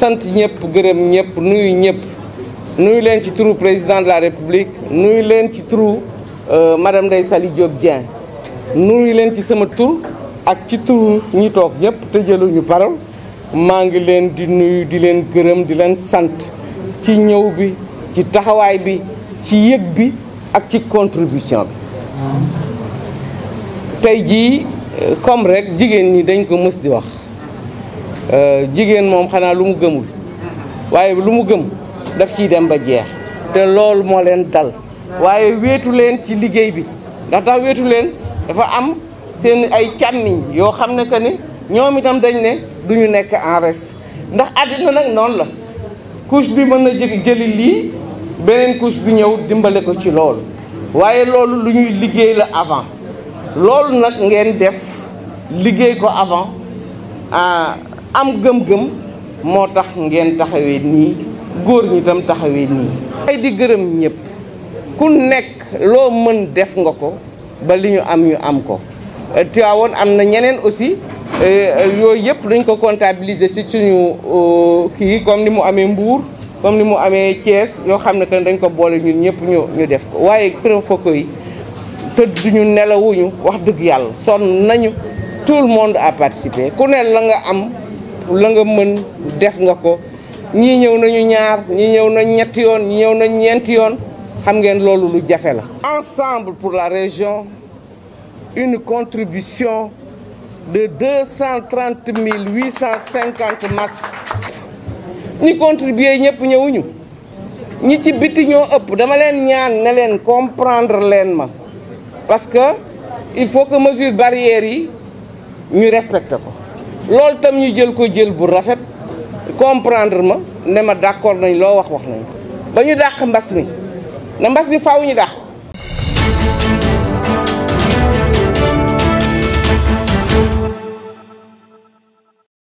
sant ñëpp gërëm ñëpp nuyu ñëpp nuyu leen ci turu président de la république nuyu leen ci turu euh, madame ndey sali Diop dien nuyu leen ci sama tur ak ci turu ñi tok ñëpp te ñu parole ma ngi leen di nuyu di leen gërëm di leen sant ci ñew bi ci taxaway bi ci yëg bi ak ci contribution bi tay ji euh, comme rek jigen ni dañ ko mës di wax Euh, jigéen moom xanaa lu mu gëmul waaye lu mu gëm daf ciy dem ba jeex te loolu moo leen dal waaye wéetu leen ci liggéey bi ndax tax wéetu leen dafa am seen ay cànniñ yoo xam ne que ni ñoom itam dañ ne duñu nekk en reste ndax àddina nag noonu la couche bi mën na jë jëli lii beneen couche bi ñëw dimbale ko ci loolu waaye loolu lu ñuy liggéey la avant loolu nag ngeen def liggéey ko avant ah, am gëm-gëm moo tax ngeen taxawee nii góor ñi tam taxawee nii. ay di gërëm ñëpp ku nekk loo mën def nga ko ba li ñu am ñu am ko euh, Tiwaawoon am na ñeneen aussi euh, yooyu yëpp dañ ko comptabiliser si suñu euh, kii comme ni mu amee Mbour comme ni mu amee Thiès yoo xam ne que dañ ko boole ñun ñëpp ñu ñu def ko waaye Kër Foko yi tëdduñu nelawuñu wax dëgg yàlla sonn nañu tout le monde a participé ku ne la nga am. la nga mën def nga ko ñii ñëw nañu ñaar ñii ñëw na ñetti yoon ñii ñëw na ñeenti yoon xam ngeen loolu lu jafe la. ensemble pour la région une contribution de deux cent trente mille huit cent cinquante masques ñi contribuer ñëpp ñëwuñu ñi ci biti ñoo ëpp dama leen ñaan ne leen comprendre leen ma parce que il faut que mesure barrière yi ñu respecte ko. loolu tam ñu jël ko jël bu rafet comprendre ma ne ma d'accord nañ loo wax wax nañ ba ñu dàq mbas mi na mbas mi faw ñu dàq